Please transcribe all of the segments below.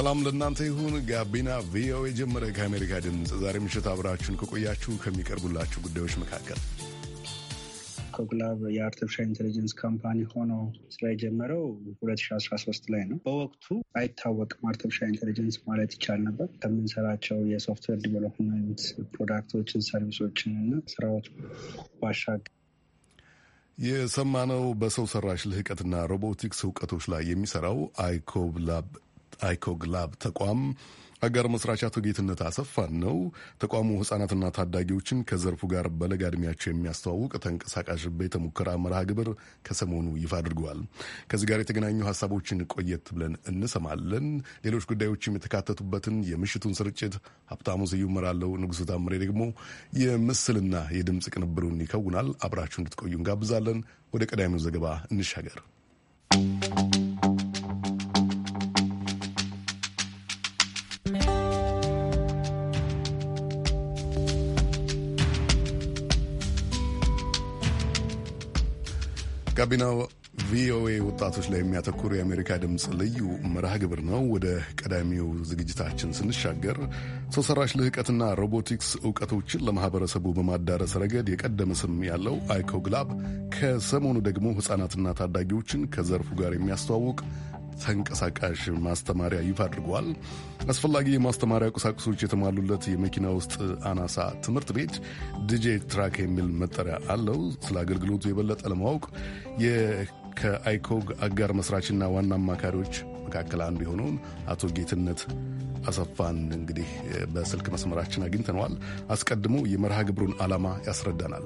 ሰላም ለእናንተ ይሁን። ጋቢና ቪኦኤ ጀመረ። ከአሜሪካ ድምፅ ዛሬ ምሽት አብራችሁን ከቆያችሁ ከሚቀርቡላችሁ ጉዳዮች መካከል ኮግላብ የአርቲፊሻል ኢንቴሊጀንስ ካምፓኒ ሆኖ ስራ የጀመረው 2013 ላይ ነው። በወቅቱ አይታወቅም አርቲፊሻል ኢንቴሊጀንስ ማለት ይቻል ነበር። ከምንሰራቸው የሶፍትዌር ዲቨሎፕመንት ፕሮዳክቶችን፣ ሰርቪሶችን እና ስራዎች ባሻገር የሰማነው በሰው ሰራሽ ልህቀትና ሮቦቲክስ እውቀቶች ላይ የሚሰራው አይኮብ ላብ አይኮግላብ ተቋም አጋር መስራች አቶ ጌትነት አሰፋን ነው። ተቋሙ ህጻናትና ታዳጊዎችን ከዘርፉ ጋር በለጋ ዕድሜያቸው የሚያስተዋውቅ ተንቀሳቃሽ ቤተ ሙከራ መርሃ ግብር ከሰሞኑ ይፋ አድርገዋል። ከዚህ ጋር የተገናኙ ሀሳቦችን ቆየት ብለን እንሰማለን። ሌሎች ጉዳዮችም የተካተቱበትን የምሽቱን ስርጭት ሀብታሙ ስዩም እመራለሁ። ንጉሱ ታምሬ ደግሞ የምስልና የድምፅ ቅንብሩን ይከውናል። አብራችሁ እንድትቆዩ እንጋብዛለን። ወደ ቀዳሚው ዘገባ እንሻገር። ጋቢና ቪኦኤ ወጣቶች ላይ የሚያተኩር የአሜሪካ ድምፅ ልዩ መርሃ ግብር ነው። ወደ ቀዳሚው ዝግጅታችን ስንሻገር ሰው ሰራሽ ልህቀትና ሮቦቲክስ እውቀቶችን ለማህበረሰቡ በማዳረስ ረገድ የቀደመ ስም ያለው አይኮግላብ ከሰሞኑ ደግሞ ሕፃናትና ታዳጊዎችን ከዘርፉ ጋር የሚያስተዋውቅ ተንቀሳቃሽ ማስተማሪያ ይፋ አድርጓል። አስፈላጊ የማስተማሪያ ቁሳቁሶች የተሟሉለት የመኪና ውስጥ አናሳ ትምህርት ቤት ዲጄ ትራክ የሚል መጠሪያ አለው። ስለ አገልግሎቱ የበለጠ ለማወቅ ከአይኮግ አጋር መስራችና ዋና አማካሪዎች መካከል አንዱ የሆነውን አቶ ጌትነት አሰፋን እንግዲህ በስልክ መስመራችን አግኝተነዋል። አስቀድሞ የመርሃ ግብሩን ዓላማ ያስረዳናል።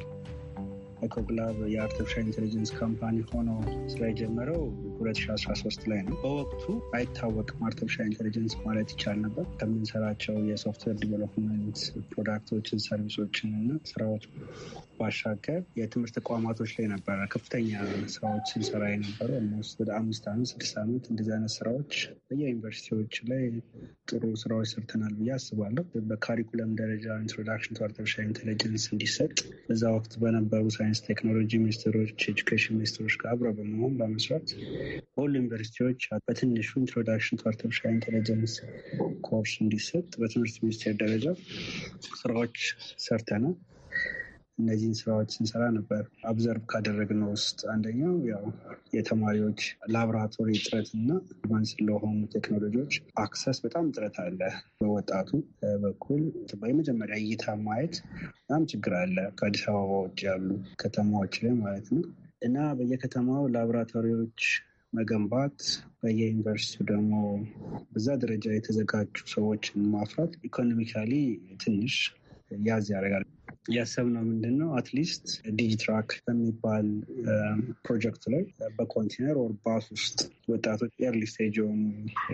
ኤኮግላብ የአርቲፊሻል ኢንቴሊጀንስ ካምፓኒ ሆኖ ስራ የጀመረው 2013 ላይ ነው። በወቅቱ አይታወቅም አርቲፊሻል ኢንቴሊጀንስ ማለት ይቻል ነበር። ከምንሰራቸው የሶፍትዌር ዲቨሎፕመንት ፕሮዳክቶችን፣ ሰርቪሶችን እና ስራዎች ባሻገር የትምህርት ተቋማቶች ላይ ነበረ ከፍተኛ ስራዎች ስንሰራ የነበረ ኦልሞስት ወደ አምስት አመት ስድስት አመት እንደዚህ አይነት ስራዎች በየዩኒቨርሲቲዎች ላይ ጥሩ ስራዎች ሰርተናል ብዬ አስባለሁ። በካሪኩለም ደረጃ ኢንትሮዳክሽን ቱ አርቲፊሻል ኢንቴሊጀንስ እንዲሰጥ በዛ ወቅት በነበሩ ሳይንስ ቴክኖሎጂ ሚኒስትሮች፣ ኤጁኬሽን ሚኒስትሮች ጋር አብረ በመሆን በመስራት በሁሉ ዩኒቨርሲቲዎች በትንሹ ኢንትሮዳክሽን ቱ አርቲፊሻል ኢንቴሊጀንስ ኮርስ እንዲሰጥ በትምህርት ሚኒስቴር ደረጃ ስራዎች ሰርተናል። እነዚህን ስራዎች ስንሰራ ነበር። አብዘርቭ ካደረግነው ውስጥ አንደኛው ያው የተማሪዎች ላብራቶሪ እጥረት እና አድቫንስ ለሆኑ ቴክኖሎጂዎች አክሰስ በጣም እጥረት አለ። በወጣቱ በኩል የመጀመሪያ እይታ ማየት በጣም ችግር አለ። ከአዲስ አበባ ውጭ ያሉ ከተማዎች ላይ ማለት ነው እና በየከተማው ላብራቶሪዎች መገንባት በየዩኒቨርሲቲ ደግሞ በዛ ደረጃ የተዘጋጁ ሰዎችን ማፍራት ኢኮኖሚካሊ ትንሽ ያዝ ያደርጋል። ያሰብነው ምንድን ነው አትሊስት ዲጂትራክ በሚባል ፕሮጀክት um, ላይ በኮንቴነር ኦር ባስ ውስጥ ወጣቶች ኤርሊ ስቴጅ የሆኑ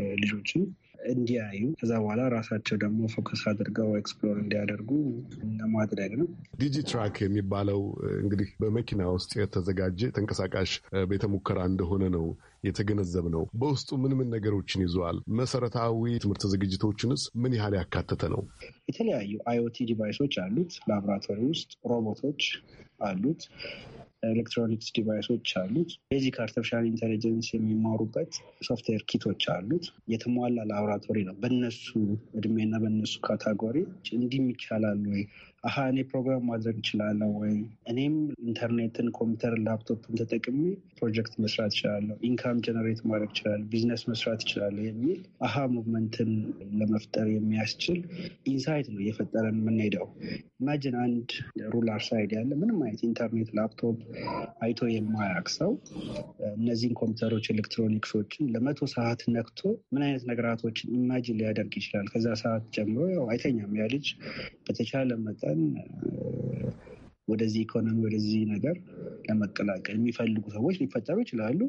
uh, ልጆችን እንዲያዩ ከዛ በኋላ ራሳቸው ደግሞ ፎከስ አድርገው ኤክስፕሎር እንዲያደርጉ ለማድረግ ነው። ዲጂ ትራክ የሚባለው እንግዲህ በመኪና ውስጥ የተዘጋጀ ተንቀሳቃሽ ቤተሙከራ እንደሆነ ነው የተገነዘብ ነው። በውስጡ ምን ምን ነገሮችን ይዘዋል? መሰረታዊ ትምህርት ዝግጅቶችንስ ምን ያህል ያካተተ ነው? የተለያዩ አይኦቲ ዲቫይሶች አሉት። ላቦራቶሪ ውስጥ ሮቦቶች አሉት። ኤሌክትሮኒክስ ዲቫይሶች አሉት። ቤዚክ አርቲፊሻል ኢንቴሊጀንስ የሚማሩበት ሶፍትዌር ኪቶች አሉት። የተሟላ ላቦራቶሪ ነው። በነሱ እድሜና በነሱ ካታጎሪ እንዲህም ይቻላል ወይ አሀ እኔ ፕሮግራም ማድረግ እችላለሁ ወይ እኔም ኢንተርኔትን፣ ኮምፒውተርን፣ ላፕቶፕን ተጠቅሜ ፕሮጀክት መስራት እችላለሁ፣ ኢንካም ጀነሬት ማድረግ እችላለሁ፣ ቢዝነስ መስራት እችላለሁ የሚል አሀ ሙቭመንትን ለመፍጠር የሚያስችል ኢንሳይት ነው እየፈጠረን የምንሄደው። ኢማጅን አንድ ሩላር ሳይድ ያለ ምንም አይነት ኢንተርኔት፣ ላፕቶፕ አይቶ የማያውቅ ሰው እነዚህን ኮምፒውተሮች፣ ኤሌክትሮኒክሶችን ለመቶ ሰዓት ነክቶ ምን አይነት ነገራቶችን ኢማጂን ሊያደርግ ይችላል? ከዛ ሰዓት ጀምሮ ያው አይተኛም ያ ልጅ በተቻለ መጠን መጠን ወደዚህ ኢኮኖሚ ወደዚህ ነገር ለመቀላቀል የሚፈልጉ ሰዎች ሊፈጠሩ ይችላሉ።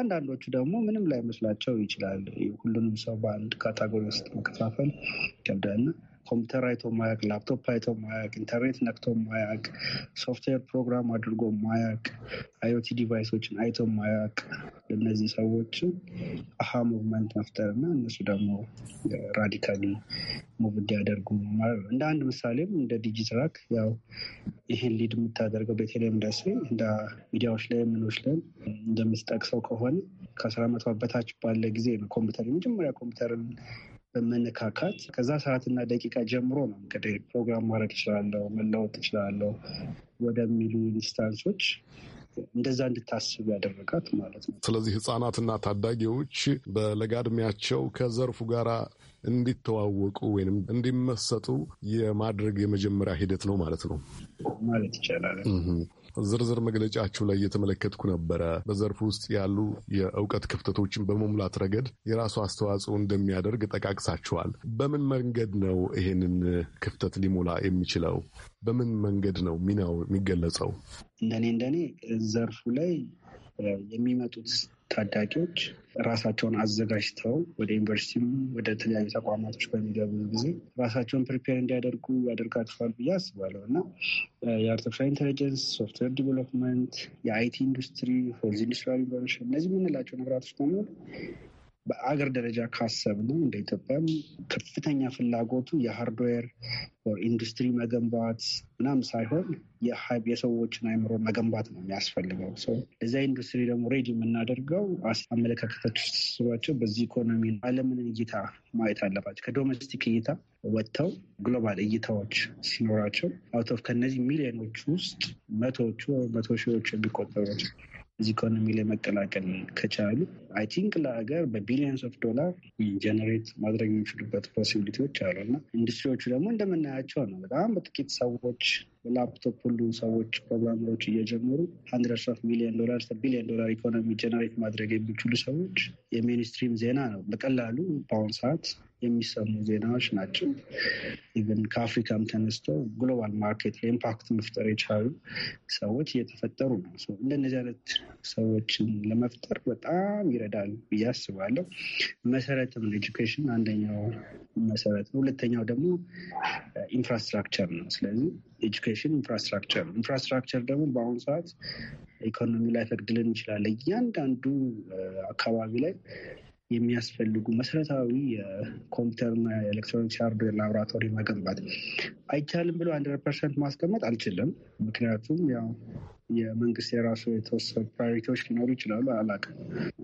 አንዳንዶቹ ደግሞ ምንም ላይመስላቸው ይችላል። ሁሉንም ሰው በአንድ ካታጎሪ ውስጥ መከፋፈል ይከብዳልና ኮምፒውተር አይቶ ማያቅ፣ ላፕቶፕ አይቶ ማያቅ፣ ኢንተርኔት ነክቶ ማያቅ፣ ሶፍትዌር ፕሮግራም አድርጎ ማያቅ፣ አይኦቲ ዲቫይሶችን አይቶ ማያቅ እነዚህ ሰዎችን አሃ ሙቭመንት መፍጠር እና እነሱ ደግሞ ራዲካሊ ሙቭ እንዲያደርጉ እንደ አንድ ምሳሌም እንደ ዲጂትራክ ያው ይህን ሊድ የምታደርገው በተለይ ኢንዱስትሪ እንደ ሚዲያዎች ላይ ምኖች ላይ እንደምትጠቅሰው ከሆነ ከአስራ ዓመቷ በታች ባለ ጊዜ ነው ኮምፒውተር የመጀመሪያ ኮምፒውተርን በመነካካት ከዛ ሰዓትና ደቂቃ ጀምሮ ነው እንግዲህ ፕሮግራም ማድረግ እችላለሁ፣ መለወጥ እችላለሁ ወደሚሉ ኢንስታንሶች እንደዛ እንድታስብ ያደረጋት ማለት ነው። ስለዚህ ህጻናትና ታዳጊዎች በለጋ ከዘርፉ ጋር እንዲተዋወቁ ወይም እንዲመሰጡ የማድረግ የመጀመሪያ ሂደት ነው ማለት ነው ማለት ይቻላል። ዝርዝር መግለጫችሁ ላይ እየተመለከትኩ ነበረ። በዘርፉ ውስጥ ያሉ የእውቀት ክፍተቶችን በመሙላት ረገድ የራሱ አስተዋጽኦ እንደሚያደርግ ጠቃቅሳችኋል። በምን መንገድ ነው ይሄንን ክፍተት ሊሞላ የሚችለው? በምን መንገድ ነው ሚናው የሚገለጸው? እንደኔ እንደኔ ዘርፉ ላይ የሚመጡት ታዳጊዎች ራሳቸውን አዘጋጅተው ወደ ዩኒቨርሲቲ ወደ ተለያዩ ተቋማቶች በሚገቡ ጊዜ ራሳቸውን ፕሪፔር እንዲያደርጉ ያደርጋቸዋል ብዬ አስባለሁ እና የአርቲፊሻል ኢንቴሊጀንስ፣ ሶፍትዌር ዲቨሎፕመንት፣ የአይቲ ኢንዱስትሪ፣ ፎርዝ ኢንዱስትሪያል ሪቮሉሽን እነዚህ የምንላቸው ነገራቶች በሙሉ በአገር ደረጃ ካሰብን እንደ ኢትዮጵያም ከፍተኛ ፍላጎቱ የሃርድዌር ኢንዱስትሪ መገንባት ምናም ሳይሆን የሰዎችን አይምሮ መገንባት ነው የሚያስፈልገው። እዛ ኢንዱስትሪ ደግሞ ሬዲ የምናደርገው አመለካከቶች ስባቸው በዚህ ኢኮኖሚ ዓለምን እይታ ማየት አለባቸው። ከዶሜስቲክ እይታ ወጥተው ግሎባል እይታዎች ሲኖራቸው አውት ኦፍ ከነዚህ ሚሊዮኖች ውስጥ መቶዎቹ መቶ ሺዎች የሚቆጠሩት እዚህ ኢኮኖሚ ላይ መቀላቀል ከቻሉ አይ ቲንክ ለሀገር በቢሊዮንስ ኦፍ ዶላር ጀነሬት ማድረግ የሚችሉበት ፖሲቢሊቲዎች አሉ እና ኢንዱስትሪዎቹ ደግሞ እንደምናያቸው ነው። በጣም በጥቂት ሰዎች ላፕቶፕ ሁሉ ሰዎች ፕሮግራመሮች እየጀመሩ ሀንድረድስ ኦፍ ሚሊዮን ዶላር ቢሊዮን ዶላር ኢኮኖሚ ጀነሬት ማድረግ የሚችሉ ሰዎች የሜንስትሪም ዜና ነው በቀላሉ በአሁን ሰዓት የሚሰሙ ዜናዎች ናቸው። ኢቨን ከአፍሪካም ተነስተው ግሎባል ማርኬት ላይ ኢምፓክት መፍጠር የቻሉ ሰዎች እየተፈጠሩ ነው። እንደነዚህ አይነት ሰዎችን ለመፍጠር በጣም ይረዳል ብዬ አስባለሁ። መሰረትም ኤጁኬሽን አንደኛው መሰረት ነው። ሁለተኛው ደግሞ ኢንፍራስትራክቸር ነው። ስለዚህ ኤጁኬሽን ኢንፍራስትራክቸር ነው። ኢንፍራስትራክቸር ደግሞ በአሁኑ ሰዓት ኢኮኖሚ ላይ ፈቅድልን እንችላለን። እያንዳንዱ አካባቢ ላይ የሚያስፈልጉ መሰረታዊ የኮምፒውተርና ኤሌክትሮኒክስ ሃርድዌር ላቦራቶሪ መገንባት አይቻልም ብሎ አንድ ፐርሰንት ማስቀመጥ አልችልም። ምክንያቱም ያው የመንግስት የራሱ የተወሰኑ ፕራዮሪቲዎች ሊኖሩ ይችላሉ። አላውቅም።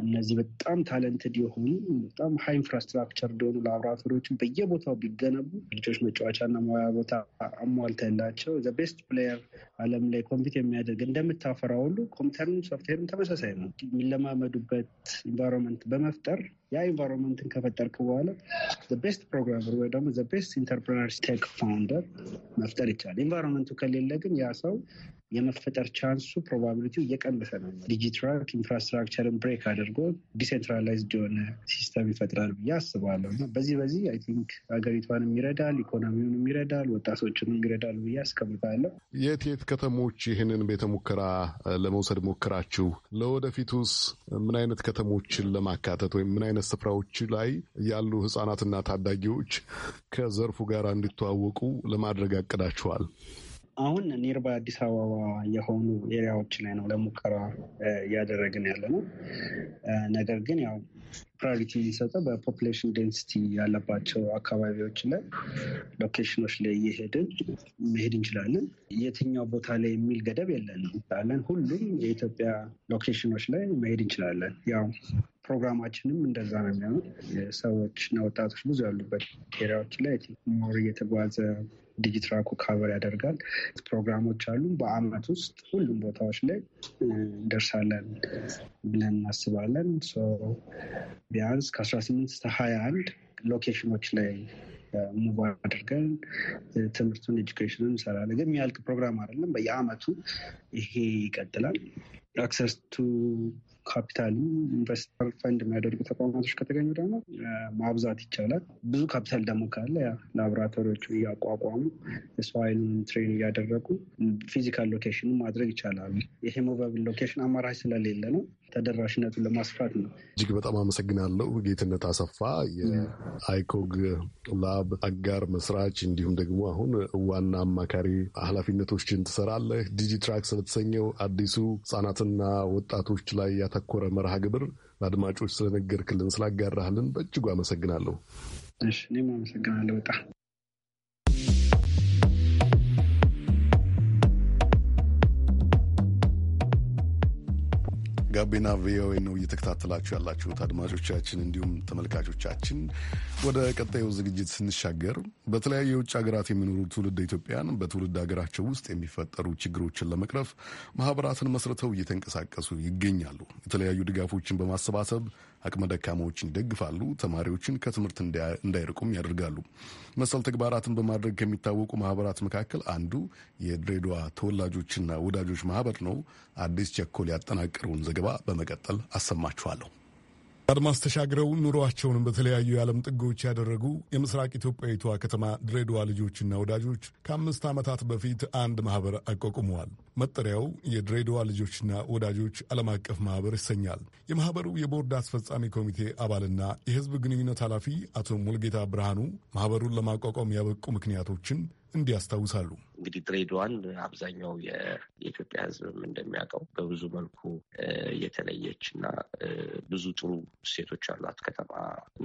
እነዚህ በጣም ታለንትድ የሆኑ በጣም ሀይ ኢንፍራስትራክቸር ደሆኑ ላቦራቶሪዎች በየቦታው ቢገነቡ ልጆች መጫወቻና መዋያ ቦታ አሟልተላቸው ቤስት ፕሌየር አለም ላይ ኮምፒት የሚያደርግ እንደምታፈራ ሁሉ ኮምፒውተርም ሶፍትዌርም ተመሳሳይ ነው የሚለማመዱበት ኢንቫይሮንመንት በመፍጠር ያ ኢንቫይሮንመንትን ከፈጠርክ በኋላ ቤስት ፕሮግራመር ወይ ደግሞ ቤስት ኢንተርፕረነር ቴክ ፋውንደር መፍጠር ይቻላል። ኢንቫይሮንመንቱ ከሌለ ግን ያ ሰው የመፈጠር ቻንሱ ፕሮባቢሊቲው እየቀነሰ ነው። ዲጂትራክ ኢንፍራስትራክቸርን ብሬክ አድርጎ ዲሴንትራላይዝድ የሆነ ሲስተም ይፈጥራል ብዬ አስባለሁ እና በዚህ በዚህ አይ ቲንክ ሀገሪቷንም ይረዳል፣ ኢኮኖሚውንም ይረዳል፣ ወጣቶችንም ይረዳል ብዬ አስቀምጣለሁ። የት የት ከተሞች ይህንን ቤተ ሙከራ ለመውሰድ ሞክራችሁ? ለወደፊቱስ ምን አይነት ከተሞችን ለማካተት ወይም ምን አይነት አይነት ስፍራዎች ላይ ያሉ ህጻናትና ታዳጊዎች ከዘርፉ ጋር እንዲተዋወቁ ለማድረግ አቅዳችኋል? አሁን ኒርባ አዲስ አበባ የሆኑ ኤሪያዎች ላይ ነው ለሙከራ እያደረግን ያለ ነው። ነገር ግን ያው ፕራሪቲ የሚሰጠው በፖፕሌሽን ዴንሲቲ ያለባቸው አካባቢዎች ላይ ሎኬሽኖች ላይ እየሄድን መሄድ እንችላለን። የትኛው ቦታ ላይ የሚል ገደብ የለንም። ሁሉም የኢትዮጵያ ሎኬሽኖች ላይ መሄድ እንችላለን። ያው ፕሮግራማችንም እንደዛ ነው የሚሆነው። እና ወጣቶች ብዙ ያሉበት ኤሪያዎች ላይ ሞር እየተጓዘ ዲጂትራኩ ካቨር ያደርጋል። ፕሮግራሞች አሉ። በአመት ውስጥ ሁሉም ቦታዎች ላይ እንደርሳለን ብለን እናስባለን። ቢያንስ ከ18 እስከ 21 ሎኬሽኖች ላይ ሙቭ አድርገን ትምህርቱን ኤጁኬሽኑን እንሰራለን። ግን የሚያልቅ ፕሮግራም አይደለም። በየአመቱ ይሄ ይቀጥላል። አክሰስ ቱ ካፒታልም ኢንቨስተር ፈንድ የሚያደርጉ ተቋማቶች ከተገኙ ደግሞ ማብዛት ይቻላል። ብዙ ካፒታል ደግሞ ካለ ላቦራቶሪዎቹ እያቋቋሙ የሰው ኃይሉን ትሬን እያደረጉ ፊዚካል ሎኬሽኑ ማድረግ ይቻላል። ይሄ ሞባይል ሎኬሽን አማራጭ ስለሌለ ነው። ተደራሽነቱን ለማስፋት ነው። እጅግ በጣም አመሰግናለሁ። ጌትነት አሰፋ የአይኮግ ላብ አጋር መስራች፣ እንዲሁም ደግሞ አሁን ዋና አማካሪ ኃላፊነቶችን ትሰራለህ። ዲጂትራክ ስለተሰኘው አዲሱ ህጻናትና ወጣቶች ላይ ያተኮረ መርሃ ግብር ለአድማጮች ስለነገርክልን ስላጋራህልን በእጅጉ አመሰግናለሁ። እሺ እኔም አመሰግናለሁ በጣም ጋቢና ቪኦኤ ነው እየተከታተላችሁ ያላችሁት አድማጮቻችን፣ እንዲሁም ተመልካቾቻችን። ወደ ቀጣዩ ዝግጅት ስንሻገር በተለያዩ የውጭ ሀገራት የሚኖሩ ትውልድ ኢትዮጵያን በትውልድ ሀገራቸው ውስጥ የሚፈጠሩ ችግሮችን ለመቅረፍ ማህበራትን መስርተው እየተንቀሳቀሱ ይገኛሉ። የተለያዩ ድጋፎችን በማሰባሰብ አቅመ ደካማዎችን ይደግፋሉ፣ ተማሪዎችን ከትምህርት እንዳይርቁም ያደርጋሉ። መሰል ተግባራትን በማድረግ ከሚታወቁ ማህበራት መካከል አንዱ የድሬዳዋ ተወላጆችና ወዳጆች ማህበር ነው። አዲስ ቸኮል ያጠናቀረውን ዘገባ በመቀጠል አሰማችኋለሁ። አድማስ ተሻግረው ኑሯቸውን በተለያዩ የዓለም ጥጎች ያደረጉ የምስራቅ ኢትዮጵያዊቷ ከተማ ድሬዳዋ ልጆችና ወዳጆች ከአምስት ዓመታት በፊት አንድ ማኅበር አቋቁመዋል። መጠሪያው የድሬዳዋ ልጆችና ወዳጆች ዓለም አቀፍ ማኅበር ይሰኛል። የማኅበሩ የቦርድ አስፈጻሚ ኮሚቴ አባልና የሕዝብ ግንኙነት ኃላፊ አቶ ሙልጌታ ብርሃኑ ማኅበሩን ለማቋቋም ያበቁ ምክንያቶችን እንዲህ ያስታውሳሉ። እንግዲህ ድሬዳዋን አብዛኛው የኢትዮጵያ ሕዝብም እንደሚያውቀው በብዙ መልኩ የተለየች እና ብዙ ጥሩ እሴቶች ያሏት ከተማ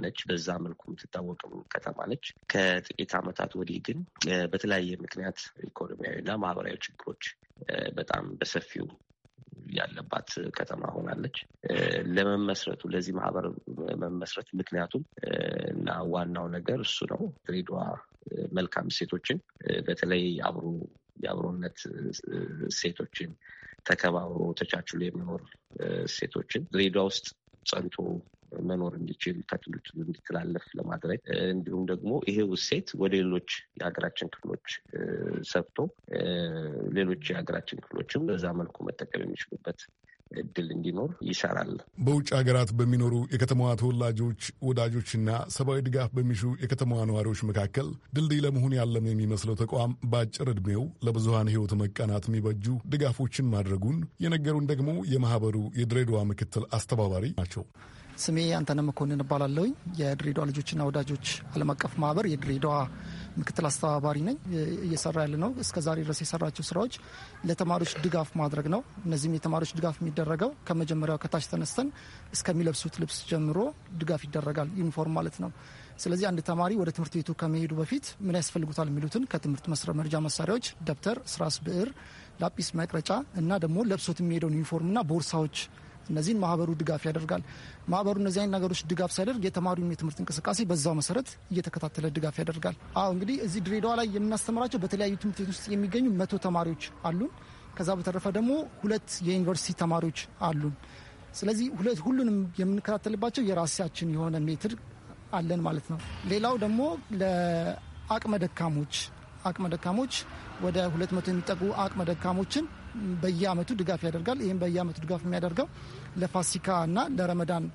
ነች። በዛ መልኩ የምትታወቅም ከተማ ነች። ከጥቂት ዓመታት ወዲህ ግን በተለያየ ምክንያት ኢኮኖሚያዊና ማህበራዊ ችግሮች በጣም በሰፊው ያለባት ከተማ ሆናለች። ለመመስረቱ ለዚህ ማህበር መመስረት ምክንያቱም እና ዋናው ነገር እሱ ነው። ድሬዳዋ መልካም ሴቶችን በተለይ አብሮ የአብሮነት ሴቶችን ተከባብሮ ተቻችሎ የሚኖር ሴቶችን ድሬዳዋ ውስጥ ጸንቶ መኖር እንዲችል ተክሎች እንዲተላለፍ ለማድረግ እንዲሁም ደግሞ ይሄ ውሴት ወደ ሌሎች የሀገራችን ክፍሎች ሰብቶ ሌሎች የሀገራችን ክፍሎችም በዛ መልኩ መጠቀም የሚችሉበት እድል እንዲኖር ይሰራል። በውጭ ሀገራት በሚኖሩ የከተማዋ ተወላጆች ወዳጆችና ሰብአዊ ድጋፍ በሚሹ የከተማዋ ነዋሪዎች መካከል ድልድይ ለመሆን ያለም የሚመስለው ተቋም በአጭር ዕድሜው ለብዙሀን ህይወት መቃናት የሚበጁ ድጋፎችን ማድረጉን የነገሩን ደግሞ የማህበሩ የድሬዳዋ ምክትል አስተባባሪ ናቸው። ስሜ አንተነ መኮንን እባላለሁኝ። የድሬዳዋ ልጆችና ወዳጆች ዓለም አቀፍ ማህበር የድሬዳዋ ምክትል አስተባባሪ ነኝ። እየሰራ ያለ ነው እስከ ዛሬ ድረስ የሰራቸው ስራዎች ለተማሪዎች ድጋፍ ማድረግ ነው። እነዚህም የተማሪዎች ድጋፍ የሚደረገው ከመጀመሪያው ከታች ተነስተን እስከሚለብሱት ልብስ ጀምሮ ድጋፍ ይደረጋል፣ ዩኒፎርም ማለት ነው። ስለዚህ አንድ ተማሪ ወደ ትምህርት ቤቱ ከመሄዱ በፊት ምን ያስፈልጉታል የሚሉትን ከትምህርት መርጃ መሳሪያዎች ደብተር፣ ስራስ፣ ብዕር፣ ላጲስ፣ መቅረጫ እና ደግሞ ለብሶት የሚሄደውን ዩኒፎርምና ቦርሳዎች እነዚህን ማህበሩ ድጋፍ ያደርጋል። ማህበሩ እነዚህ አይነት ነገሮች ድጋፍ ሲያደርግ የተማሪውን የትምህርት እንቅስቃሴ በዛው መሰረት እየተከታተለ ድጋፍ ያደርጋል። አሁ እንግዲህ እዚህ ድሬዳዋ ላይ የምናስተምራቸው በተለያዩ ትምህርት ቤት ውስጥ የሚገኙ መቶ ተማሪዎች አሉን። ከዛ በተረፈ ደግሞ ሁለት የዩኒቨርሲቲ ተማሪዎች አሉን። ስለዚህ ሁለት ሁሉንም የምንከታተልባቸው የራሳችን የሆነ ሜትር አለን ማለት ነው። ሌላው ደግሞ ለአቅመ ደካሞች አቅመ ደካሞች ወደ ሁለት መቶ የሚጠጉ አቅመ ደካሞችን በየአመቱ ድጋፍ ያደርጋል። ይህም በየአመቱ ድጋፍ የሚያደርገው ለፋሲካ እና ለረመዳን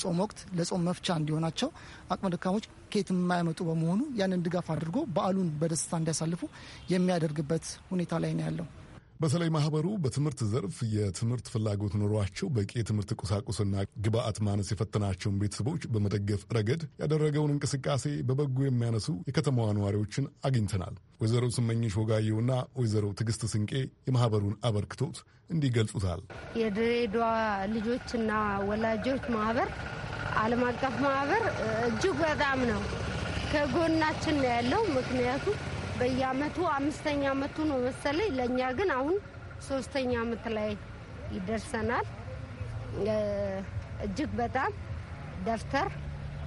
ጾም ወቅት ለጾም መፍቻ እንዲሆናቸው አቅመ ደካሞች ኬት የማያመጡ በመሆኑ ያንን ድጋፍ አድርጎ በዓሉን በደስታ እንዲያሳልፉ የሚያደርግበት ሁኔታ ላይ ነው ያለው። በተለይ ማህበሩ በትምህርት ዘርፍ የትምህርት ፍላጎት ኖሯቸው በቂ የትምህርት ቁሳቁስና ግብአት ማነስ የፈተናቸውን ቤተሰቦች በመደገፍ ረገድ ያደረገውን እንቅስቃሴ በበጎ የሚያነሱ የከተማዋ ነዋሪዎችን አግኝተናል። ወይዘሮ ስመኝሽ ወጋየውና ወይዘሮ ትግስት ስንቄ የማህበሩን አበርክቶት እንዲህ ገልጹታል። የድሬዳዋ ልጆችና ወላጆች ማህበር ዓለም አቀፍ ማህበር እጅግ በጣም ነው ከጎናችን ነው ያለው። ምክንያቱም በየአመቱ አምስተኛ አመቱ ነው መሰለኝ። ለእኛ ግን አሁን ሶስተኛ አመት ላይ ይደርሰናል። እጅግ በጣም ደብተር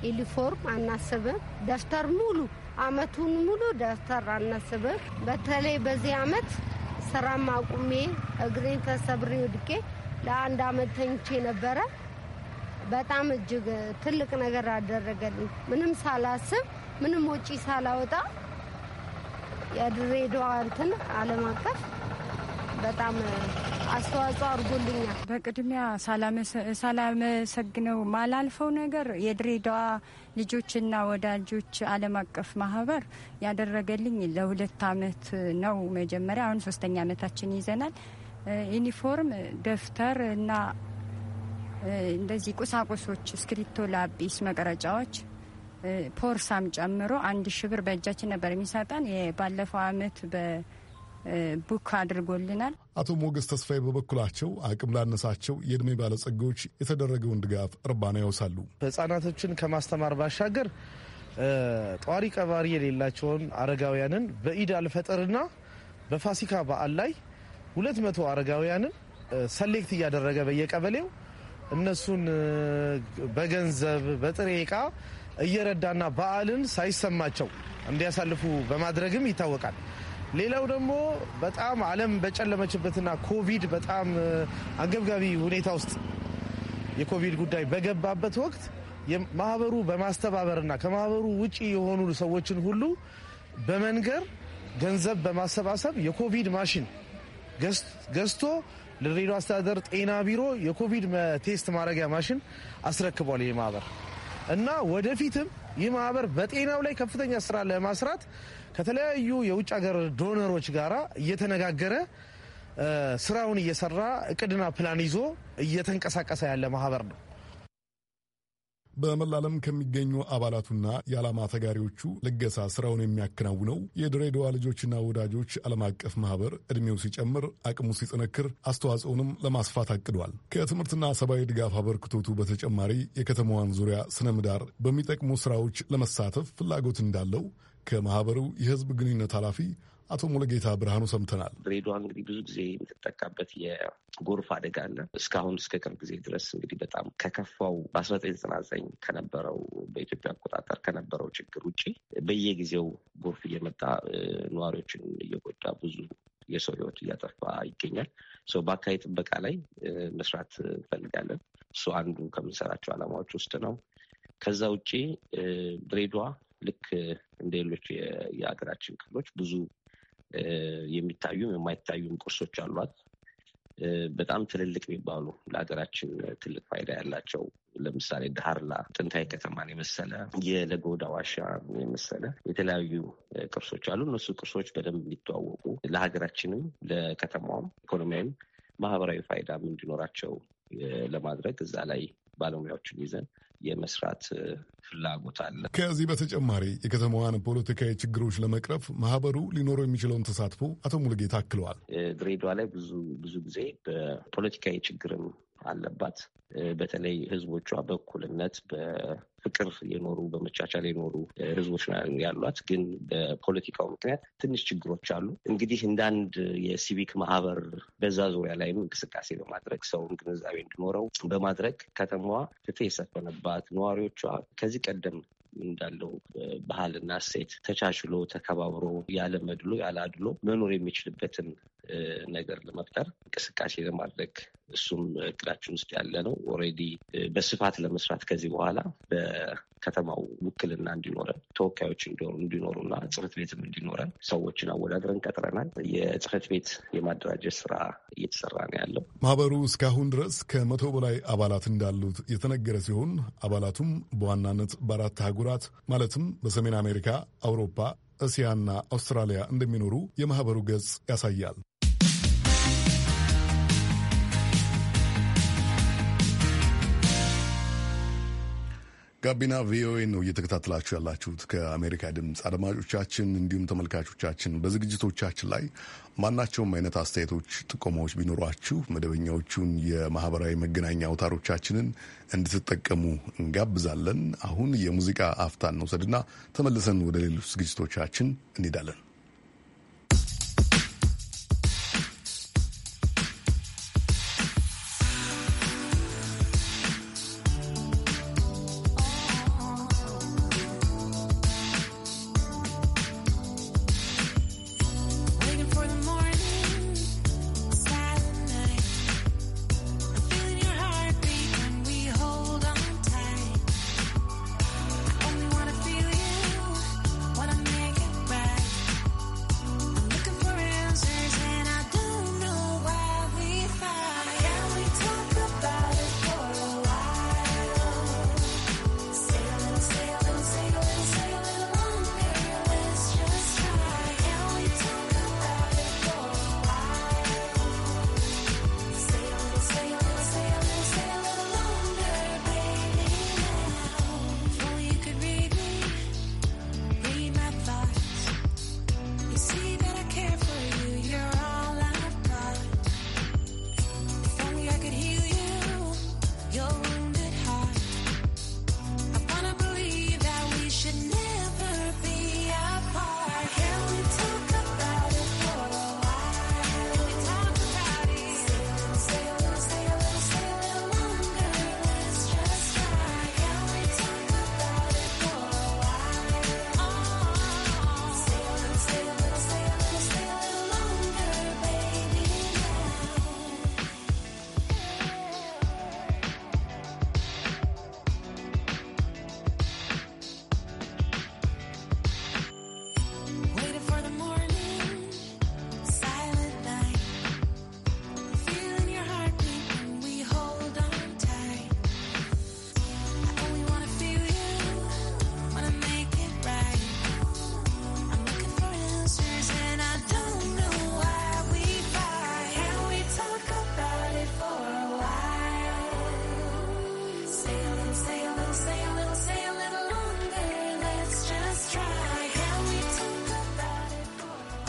ዩኒፎርም አናስብም። ደፍተር ሙሉ አመቱን ሙሉ ደፍተር አናስብም። በተለይ በዚህ አመት ስራም አቁሜ እግሬን ተሰብሬ ወድቄ ለአንድ አመት ተኝቼ ነበረ። በጣም እጅግ ትልቅ ነገር አደረገልኝ። ምንም ሳላስብ ምንም ወጪ ሳላወጣ የድሬዳዋ እንትን አለም አቀፍ በጣም አስተዋጽኦ አድርጎልኛል። በቅድሚያ ሳላመሰግነው ማላልፈው ነገር የድሬዳዋ ልጆችና ወዳጆች ዓለም አቀፍ ማህበር ያደረገልኝ ለሁለት አመት ነው። መጀመሪያ አሁን ሶስተኛ አመታችን ይዘናል። ዩኒፎርም፣ ደብተር እና እንደዚህ ቁሳቁሶች እስክሪፕቶ፣ ላጲስ፣ መቅረጫዎች ፖርሳም ጨምሮ አንድ ሺ ብር በእጃችን ነበር የሚሰጠን። የባለፈው አመት ቡክ አድርጎልናል። አቶ ሞገስ ተስፋዬ በበኩላቸው አቅም ላነሳቸው የእድሜ ባለጸጋዎች የተደረገውን ድጋፍ እርባና ያውሳሉ። ህጻናቶችን ከማስተማር ባሻገር ጧሪ ቀባሪ የሌላቸውን አረጋውያንን በኢድ አልፈጠርና በፋሲካ በዓል ላይ ሁለት መቶ አረጋውያንን ሰሌክት እያደረገ በየቀበሌው እነሱን በገንዘብ በጥሬ እቃ እየረዳና በዓልን ሳይሰማቸው እንዲያሳልፉ በማድረግም ይታወቃል። ሌላው ደግሞ በጣም ዓለም በጨለመችበትና ኮቪድ በጣም አንገብጋቢ ሁኔታ ውስጥ የኮቪድ ጉዳይ በገባበት ወቅት ማህበሩ በማስተባበርና ከማህበሩ ውጪ የሆኑ ሰዎችን ሁሉ በመንገር ገንዘብ በማሰባሰብ የኮቪድ ማሽን ገዝቶ ለድሬዳዋ አስተዳደር ጤና ቢሮ የኮቪድ ቴስት ማድረጊያ ማሽን አስረክቧል። ይህ ማህበር እና ወደፊትም ይህ ማህበር በጤናው ላይ ከፍተኛ ስራ ለማስራት ከተለያዩ የውጭ ሀገር ዶነሮች ጋር እየተነጋገረ ስራውን እየሰራ እቅድና ፕላን ይዞ እየተንቀሳቀሰ ያለ ማህበር ነው። በመላለም ከሚገኙ አባላቱና የዓላማ ተጋሪዎቹ ልገሳ ስራውን የሚያከናውነው የድሬዳዋ ልጆችና ወዳጆች ዓለም አቀፍ ማህበር ዕድሜው ሲጨምር አቅሙ ሲጠነክር አስተዋጽኦንም ለማስፋት አቅዷል። ከትምህርትና ሰብአዊ ድጋፍ አበርክቶቱ በተጨማሪ የከተማዋን ዙሪያ ስነ ምህዳር በሚጠቅሙ ስራዎች ለመሳተፍ ፍላጎት እንዳለው ከማህበሩ የህዝብ ግንኙነት ኃላፊ አቶ ሙሉጌታ ብርሃኑ ሰምተናል። ድሬዳዋ እንግዲህ ብዙ ጊዜ የምትጠቃበት የጎርፍ አደጋ አደጋና እስካሁን እስከ ቅርብ ጊዜ ድረስ እንግዲህ በጣም ከከፋው በአስራ ዘጠኝ ዘጠና ዘጠኝ ከነበረው በኢትዮጵያ አቆጣጠር ከነበረው ችግር ውጭ በየጊዜው ጎርፍ እየመጣ ነዋሪዎችን እየጎዳ ብዙ የሰው ህይወት እያጠፋ ይገኛል። ሰው በአካባቢ ጥበቃ ላይ መስራት እንፈልጋለን። እሱ አንዱ ከምንሰራቸው ዓላማዎች ውስጥ ነው። ከዛ ውጭ ድሬዷ ልክ እንደ ሌሎች የሀገራችን ክፍሎች ብዙ የሚታዩም የማይታዩም ቅርሶች አሏት። በጣም ትልልቅ የሚባሉ ለሀገራችን ትልቅ ፋይዳ ያላቸው ለምሳሌ ዳህርላ ጥንታዊ ከተማን የመሰለ የለጎዳ ዋሻ የመሰለ የተለያዩ ቅርሶች አሉ። እነሱ ቅርሶች በደንብ የሚተዋወቁ ለሀገራችንም፣ ለከተማውም ኢኮኖሚያዊም ማህበራዊ ፋይዳም እንዲኖራቸው ለማድረግ እዛ ላይ ባለሙያዎችን ይዘን የመስራት ፍላጎት አለ። ከዚህ በተጨማሪ የከተማዋን ፖለቲካዊ ችግሮች ለመቅረፍ ማህበሩ ሊኖረው የሚችለውን ተሳትፎ አቶ ሙሉጌታ አክለዋል። ድሬዳዋ ላይ ብዙ ብዙ ጊዜ በፖለቲካዊ ችግርም አለባት። በተለይ ህዝቦቿ በእኩልነት በፍቅር የኖሩ በመቻቻል የኖሩ ህዝቦች ያሏት፣ ግን በፖለቲካው ምክንያት ትንሽ ችግሮች አሉ። እንግዲህ እንዳንድ የሲቪክ ማህበር በዛ ዙሪያ ላይም እንቅስቃሴ በማድረግ ሰውን ግንዛቤ እንዲኖረው በማድረግ ከተማዋ ፍትህ የሰፈነባት ነዋሪዎቿ ከዚህ ቀደም እንዳለው ባህልና እሴት ተቻችሎ ተከባብሮ ያለ መድሎ ያለ አድሎ መኖር የሚችልበትን ነገር ለመፍጠር እንቅስቃሴ ለማድረግ እሱም እቅዳችን ውስጥ ያለ ነው። ኦልሬዲ በስፋት ለመስራት ከዚህ በኋላ ከተማው ውክልና እንዲኖረን ተወካዮች እንዲኖሩና ጽህፈት ቤትም እንዲኖረን ሰዎችን አወዳድረን ቀጥረናል። የጽህፈት ቤት የማደራጀት ስራ እየተሰራ ነው ያለው። ማህበሩ እስካሁን ድረስ ከመቶ በላይ አባላት እንዳሉት የተነገረ ሲሆን አባላቱም በዋናነት በአራት አህጉራት ማለትም በሰሜን አሜሪካ፣ አውሮፓ፣ እስያና አውስትራሊያ እንደሚኖሩ የማህበሩ ገጽ ያሳያል። ጋቢና ቪኦኤ ነው እየተከታተላችሁ ያላችሁት ከአሜሪካ ድምፅ። አድማጮቻችን እንዲሁም ተመልካቾቻችን በዝግጅቶቻችን ላይ ማናቸውም አይነት አስተያየቶች፣ ጥቆማዎች ቢኖሯችሁ መደበኛዎቹን የማህበራዊ መገናኛ አውታሮቻችንን እንድትጠቀሙ እንጋብዛለን። አሁን የሙዚቃ አፍታን እንውሰድና ተመልሰን ወደ ሌሎች ዝግጅቶቻችን እንሄዳለን።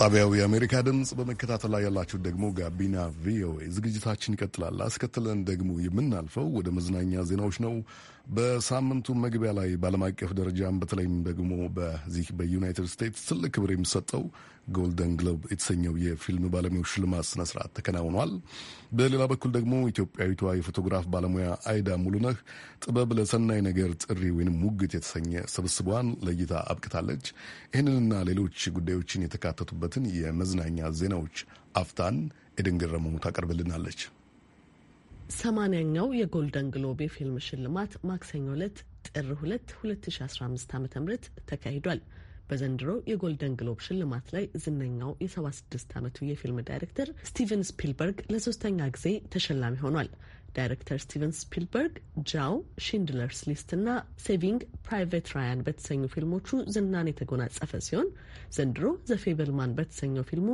ጣቢያው የአሜሪካ ድምፅ በመከታተል ላይ ያላችሁ ደግሞ ጋቢና ቪኦኤ ዝግጅታችን ይቀጥላል። አስከትለን ደግሞ የምናልፈው ወደ መዝናኛ ዜናዎች ነው። በሳምንቱ መግቢያ ላይ በዓለም አቀፍ ደረጃም በተለይም ደግሞ በዚህ በዩናይትድ ስቴትስ ትልቅ ክብር የሚሰጠው ጎልደን ግሎብ የተሰኘው የፊልም ባለሙያዎች ሽልማት ስነ ስርዓት ተከናውኗል። በሌላ በኩል ደግሞ ኢትዮጵያዊቷ የፎቶግራፍ ባለሙያ አይዳ ሙሉነህ ጥበብ ለሰናይ ነገር ጥሪ ወይም ሙግት የተሰኘ ስብስቧን ለእይታ አብቅታለች። ይህንንና ሌሎች ጉዳዮችን የተካተቱበት ያሉትን የመዝናኛ ዜናዎች አፍታን ኤደን ገረመው ታቀርብልናለች። ሰማንያኛው የጎልደን ግሎብ የፊልም ሽልማት ማክሰኞ ዕለት ጥር 2 2015 ዓ ም ተካሂዷል። በዘንድሮ የጎልደን ግሎብ ሽልማት ላይ ዝነኛው የ76 ዓመቱ የፊልም ዳይሬክተር ስቲቨን ስፒልበርግ ለሶስተኛ ጊዜ ተሸላሚ ሆኗል። ዳይሬክተር ስቲቨን ስፒልበርግ ጃው፣ ሺንድለርስ ሊስት እና ሴቪንግ ፕራይቬት ራያን በተሰኙ ፊልሞቹ ዝናን የተጎናጸፈ ሲሆን ዘንድሮ ዘፌበልማን በተሰኘው ፊልሙ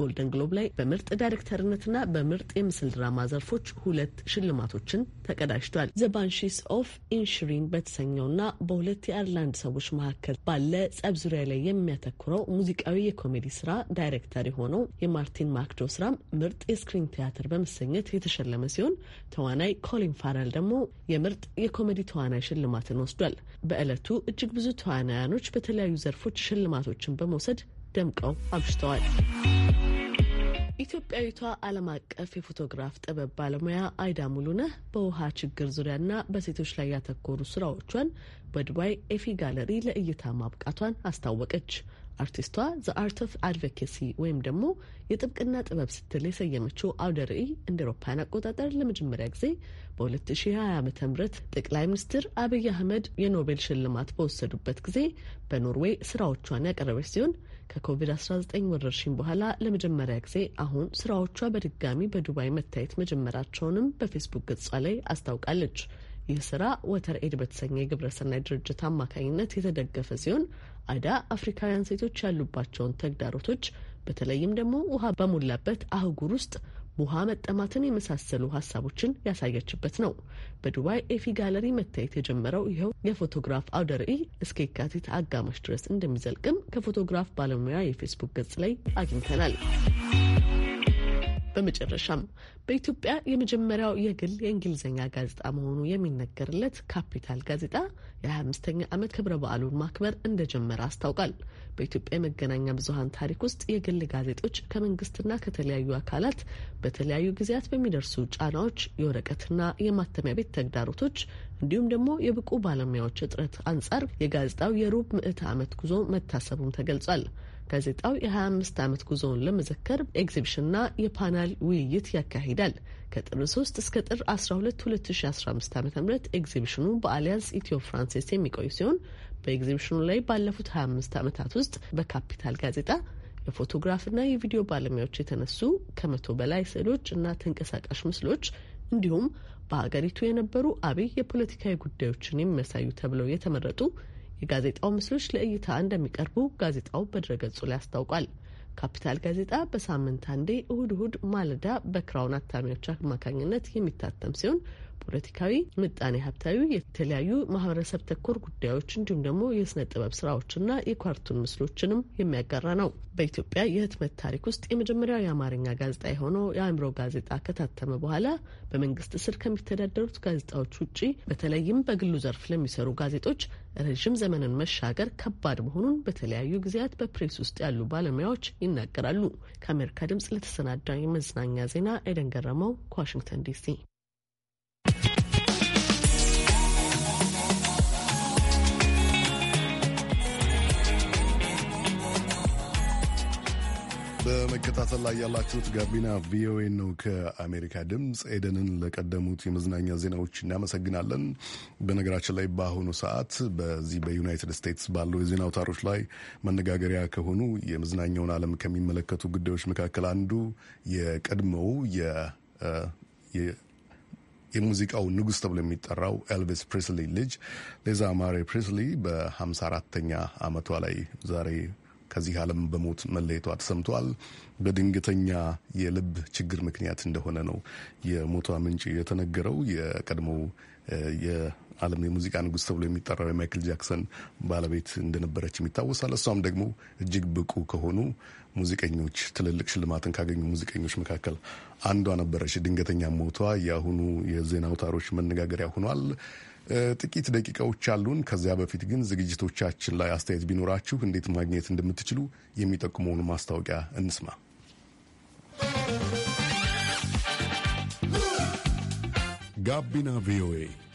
ጎልደን ግሎብ ላይ በምርጥ ዳይሬክተርነትና በምርጥ የምስል ድራማ ዘርፎች ሁለት ሽልማቶችን ተቀዳጅቷል። ዘ ባንሺስ ኦፍ ኢንሽሪን በተሰኘውና በሁለት የአይርላንድ ሰዎች መካከል ባለ ጸብ ዙሪያ ላይ የሚያተኩረው ሙዚቃዊ የኮሜዲ ስራ ዳይሬክተር የሆነው የማርቲን ማክዶ ስራም ምርጥ የስክሪን ቲያትር በመሰኘት የተሸለመ ሲሆን ተዋናይ ኮሊን ፋረል ደግሞ የምርጥ የኮሜዲ ተዋናይ ሽልማትን ወስዷል። በዕለቱ እጅግ ብዙ ተዋናያኖች በተለያዩ ዘርፎች ሽልማቶችን በመውሰድ ደምቀው አብሽተዋል። ኢትዮጵያዊቷ ዓለም አቀፍ የፎቶግራፍ ጥበብ ባለሙያ አይዳ ሙሉነህ በውሃ ችግር ዙሪያና በሴቶች ላይ ያተኮሩ ስራዎቿን በዱባይ ኤፊ ጋለሪ ለእይታ ማብቃቷን አስታወቀች። አርቲስቷ ዘ አርት ኦፍ አድቮኬሲ ወይም ደግሞ የጥብቅና ጥበብ ስትል የሰየመችው አውደ ርዕይ እንደ አውሮፓውያን አቆጣጠር ለመጀመሪያ ጊዜ በ2020 ዓ ም ጠቅላይ ሚኒስትር አብይ አህመድ የኖቤል ሽልማት በወሰዱበት ጊዜ በኖርዌይ ስራዎቿን ያቀረበች ሲሆን ከኮቪድ-19 ወረርሽኝ በኋላ ለመጀመሪያ ጊዜ አሁን ስራዎቿ በድጋሚ በዱባይ መታየት መጀመራቸውንም በፌስቡክ ገጿ ላይ አስታውቃለች። ይህ ስራ ወተር ኤድ በተሰኘ የግብረሰናይ ድርጅት አማካኝነት የተደገፈ ሲሆን አዳ አፍሪካውያን ሴቶች ያሉባቸውን ተግዳሮቶች በተለይም ደግሞ ውሃ በሞላበት አህጉር ውስጥ ውሃ መጠማትን የመሳሰሉ ሀሳቦችን ያሳየችበት ነው። በዱባይ ኤፊ ጋለሪ መታየት የጀመረው ይኸው የፎቶግራፍ አውደ ርዕይ እስከ የካቲት አጋማሽ ድረስ እንደሚዘልቅም ከፎቶግራፍ ባለሙያ የፌስቡክ ገጽ ላይ አግኝተናል። በመጨረሻም በኢትዮጵያ የመጀመሪያው የግል የእንግሊዝኛ ጋዜጣ መሆኑ የሚነገርለት ካፒታል ጋዜጣ የ25ኛ ዓመት ክብረ በዓሉን ማክበር እንደጀመረ አስታውቃል። በኢትዮጵያ የመገናኛ ብዙኃን ታሪክ ውስጥ የግል ጋዜጦች ከመንግስትና ከተለያዩ አካላት በተለያዩ ጊዜያት በሚደርሱ ጫናዎች፣ የወረቀትና የማተሚያ ቤት ተግዳሮቶች እንዲሁም ደግሞ የብቁ ባለሙያዎች እጥረት አንጻር የጋዜጣው የሩብ ምዕተ ዓመት ጉዞ መታሰቡም ተገልጿል። ጋዜጣው የ25 ዓመት ጉዞውን ለመዘከር ኤግዚቢሽንና የፓናል ውይይት ያካሂዳል። ከጥር 3 እስከ ጥር 12 2015 ዓ ም ኤግዚቢሽኑ በአሊያንስ ኢትዮ ፍራንሴስ የሚቆይ ሲሆን በኤግዚቢሽኑ ላይ ባለፉት 25 ዓመታት ውስጥ በካፒታል ጋዜጣ የፎቶግራፍና የቪዲዮ ባለሙያዎች የተነሱ ከመቶ በላይ ስዕሎች እና ተንቀሳቃሽ ምስሎች እንዲሁም በሀገሪቱ የነበሩ አብይ የፖለቲካዊ ጉዳዮችን የሚያሳዩ ተብለው የተመረጡ የጋዜጣው ምስሎች ለእይታ እንደሚቀርቡ ጋዜጣው በድረገጹ ላይ አስታውቋል። ካፒታል ጋዜጣ በሳምንት አንዴ እሁድ እሁድ ማለዳ በክራውን አታሚዎች አማካኝነት የሚታተም ሲሆን ፖለቲካዊ፣ ምጣኔ ሀብታዊ፣ የተለያዩ ማህበረሰብ ተኮር ጉዳዮች እንዲሁም ደግሞ የስነ ጥበብ ስራዎችና የካርቱን ምስሎችንም የሚያጋራ ነው። በኢትዮጵያ የህትመት ታሪክ ውስጥ የመጀመሪያው የአማርኛ ጋዜጣ የሆነው የአእምሮ ጋዜጣ ከታተመ በኋላ በመንግስት ስር ከሚተዳደሩት ጋዜጣዎች ውጪ በተለይም በግሉ ዘርፍ ለሚሰሩ ጋዜጦች ረዥም ዘመንን መሻገር ከባድ መሆኑን በተለያዩ ጊዜያት በፕሬስ ውስጥ ያሉ ባለሙያዎች ይናገራሉ። ከአሜሪካ ድምጽ ለተሰናዳ የመዝናኛ ዜና ኤደን ገረመው ከዋሽንግተን ዲሲ በመከታተል ላይ ያላችሁት ጋቢና ቪኦኤ ነው። ከአሜሪካ ድምፅ ኤደንን ለቀደሙት የመዝናኛ ዜናዎች እናመሰግናለን። በነገራችን ላይ በአሁኑ ሰዓት በዚህ በዩናይትድ ስቴትስ ባለው የዜና አውታሮች ላይ መነጋገሪያ ከሆኑ የመዝናኛውን ዓለም ከሚመለከቱ ጉዳዮች መካከል አንዱ የቀድሞው የሙዚቃው ንጉሥ ተብሎ የሚጠራው ኤልቪስ ፕሪስሊ ልጅ ሌዛ ማሪ ፕሪስሊ በ54ተኛ ዓመቷ ላይ ዛሬ ከዚህ ዓለም በሞት መለየቷ ተሰምቷል። በድንገተኛ የልብ ችግር ምክንያት እንደሆነ ነው የሞቷ ምንጭ የተነገረው። የቀድሞው የዓለም የሙዚቃ ንጉሥ ተብሎ የሚጠራው የማይክል ጃክሰን ባለቤት እንደነበረችም ይታወሳል። እሷም ደግሞ እጅግ ብቁ ከሆኑ ሙዚቀኞች ትልልቅ ሽልማትን ካገኙ ሙዚቀኞች መካከል አንዷ ነበረች። ድንገተኛ ሞቷ የአሁኑ የዜና አውታሮች መነጋገሪያ ሆኗል። ጥቂት ደቂቃዎች አሉን። ከዚያ በፊት ግን ዝግጅቶቻችን ላይ አስተያየት ቢኖራችሁ እንዴት ማግኘት እንደምትችሉ የሚጠቁመውን ማስታወቂያ እንስማ። ጋቢና ቪኦኤ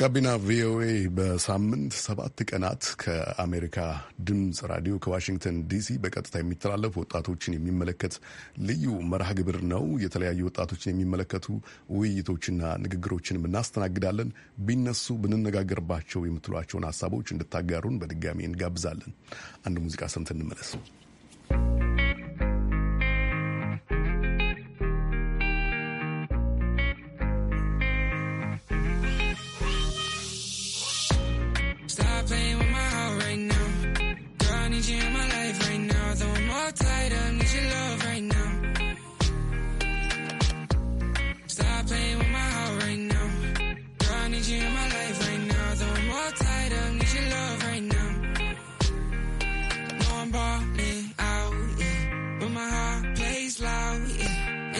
ጋቢና ቪኦኤ በሳምንት ሰባት ቀናት ከአሜሪካ ድምፅ ራዲዮ ከዋሽንግተን ዲሲ በቀጥታ የሚተላለፍ ወጣቶችን የሚመለከት ልዩ መርሃ ግብር ነው። የተለያዩ ወጣቶችን የሚመለከቱ ውይይቶችና ንግግሮችን እናስተናግዳለን። ቢነሱ ብንነጋገርባቸው የምትሏቸውን ሀሳቦች እንድታጋሩን በድጋሚ እንጋብዛለን። አንድ ሙዚቃ ሰምተን እንመለስ።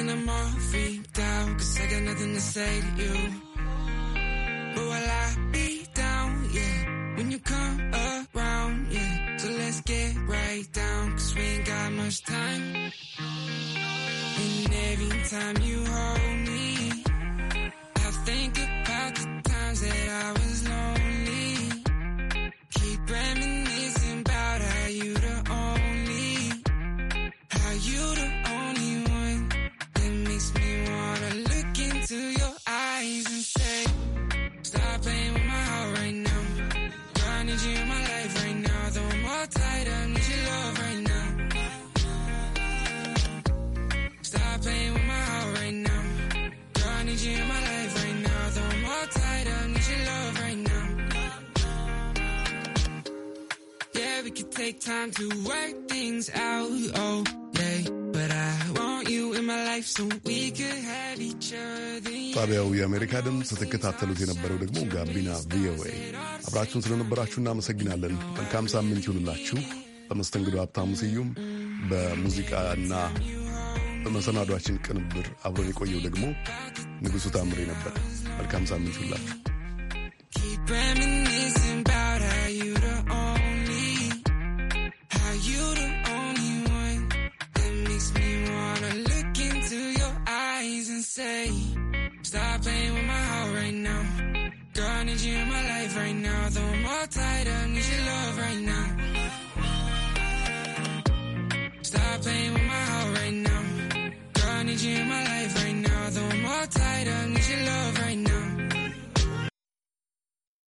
and I'm all freaked out Cause I got nothing to say to you But while I be down, yeah When you come around, yeah So let's get right down Cause we ain't got much time And every time you hold take time to work things out, oh yeah. But I want you in my life so we could have each other. ጣቢያው የአሜሪካ ድምፅ ስትከታተሉት የነበረው ደግሞ ጋቢና ቪኦኤ። አብራችሁን ስለነበራችሁ እናመሰግናለን። መልካም ሳምንት ይሁንላችሁ። በመስተንግዶ ሀብታሙ ስዩም፣ በሙዚቃና በመሰናዷችን ቅንብር አብረን የቆየው ደግሞ ንጉሡ ታምሬ ነበር። መልካም ሳምንት ይሁንላችሁ። right now. Girl, need you in my life right now. Though I'm all tied up, need your love right now. Stop playing with my heart right now. Girl, need you in my life right now. Though I'm all tied up, need your love right now.